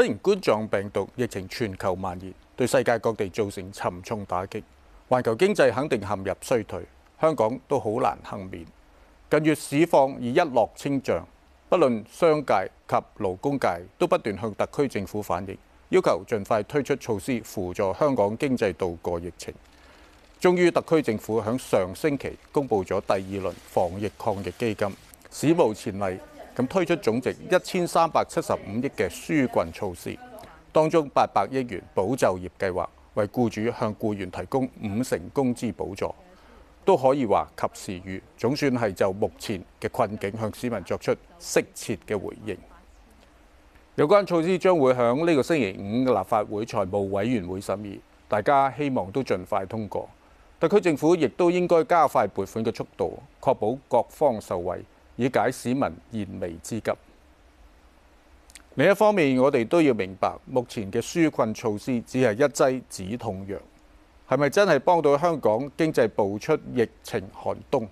雖然冠狀病毒疫情全球蔓延，對世界各地造成沉重打擊，環球經濟肯定陷入衰退，香港都好難幸免。近月市況已一落千丈，不論商界及勞工界都不斷向特區政府反映，要求盡快推出措施輔助香港經濟度過疫情。終於，特區政府響上星期公布咗第二輪防疫抗疫基金，史無前例。咁推出總值一千三百七十五億嘅紓困措施，當中八百億元保就業計劃，為雇主向雇員提供五成工資補助，都可以話及時雨，總算係就目前嘅困境向市民作出適切嘅回應。有關措施將會響呢個星期五嘅立法會財務委員會審議，大家希望都盡快通過。特區政府亦都應該加快撥款嘅速度，確保各方受惠。以解市民燃眉之急。另一方面，我哋都要明白，目前嘅紓困措施只係一劑止痛藥，係咪真係幫到香港經濟步出疫情寒冬，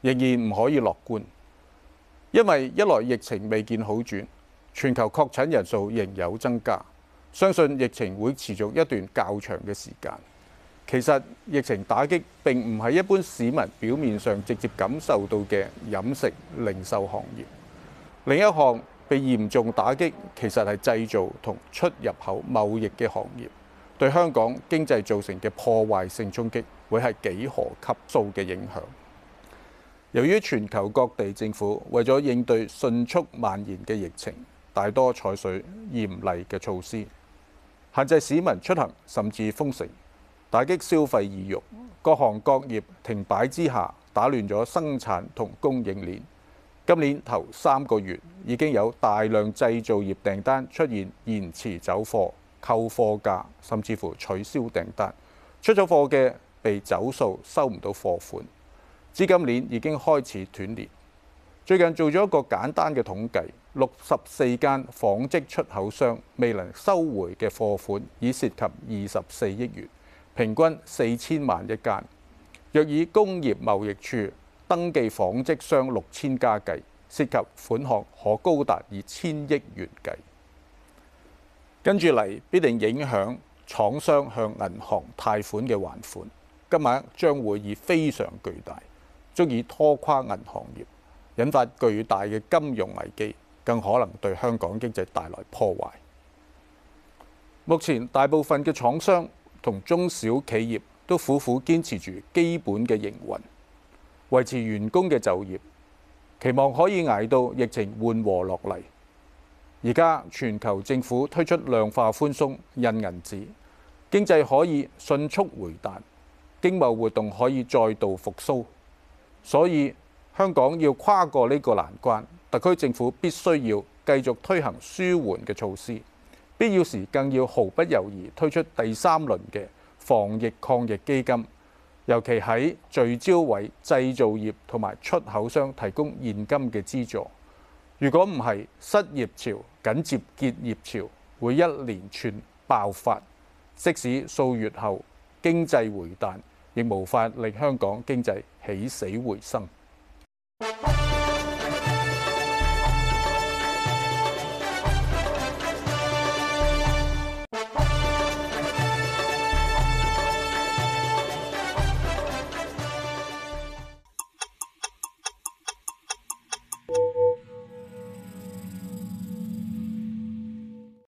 仍然唔可以樂觀，因為一來疫情未見好轉，全球確診人數仍有增加，相信疫情會持續一段較長嘅時間。其實疫情打擊並唔係一般市民表面上直接感受到嘅飲食零售行業，另一項被嚴重打擊其實係製造同出入口貿易嘅行業，對香港經濟造成嘅破壞性衝擊會係幾何級數嘅影響。由於全球各地政府為咗應對迅速蔓延嘅疫情，大多採取嚴厲嘅措施，限制市民出行，甚至封城。打擊消費意欲，各行各業停擺之下，打亂咗生產同供應鏈。今年頭三個月已經有大量製造業訂單出現延遲走貨、扣貨價，甚至乎取消訂單。出咗貨嘅被走數，收唔到貨款，資金鏈已經開始斷裂。最近做咗一個簡單嘅統計，六十四間紡織出口商未能收回嘅貨款，已涉及二十四億元。平均四千萬一間，若以工業貿易處登記紡織商六千家計，涉及款項可高達二千億元計。跟住嚟必定影響廠商向銀行貸款嘅還款，今晚將會以非常巨大，足以拖垮銀行業，引發巨大嘅金融危機，更可能對香港經濟帶來破壞。目前大部分嘅廠商，同中小企業都苦苦堅持住基本嘅營運，維持員工嘅就業，期望可以捱到疫情緩和落嚟。而家全球政府推出量化寬鬆印銀紙，經濟可以迅速回彈，經貿活動可以再度復甦。所以香港要跨過呢個難關，特區政府必須要繼續推行舒緩嘅措施。必要時更要毫不猶豫推出第三輪嘅防疫抗疫基金，尤其喺聚焦為製造業同埋出口商提供現金嘅資助。如果唔係，失業潮緊接結業潮會一連串爆發，即使數月後經濟回彈，亦無法令香港經濟起死回生。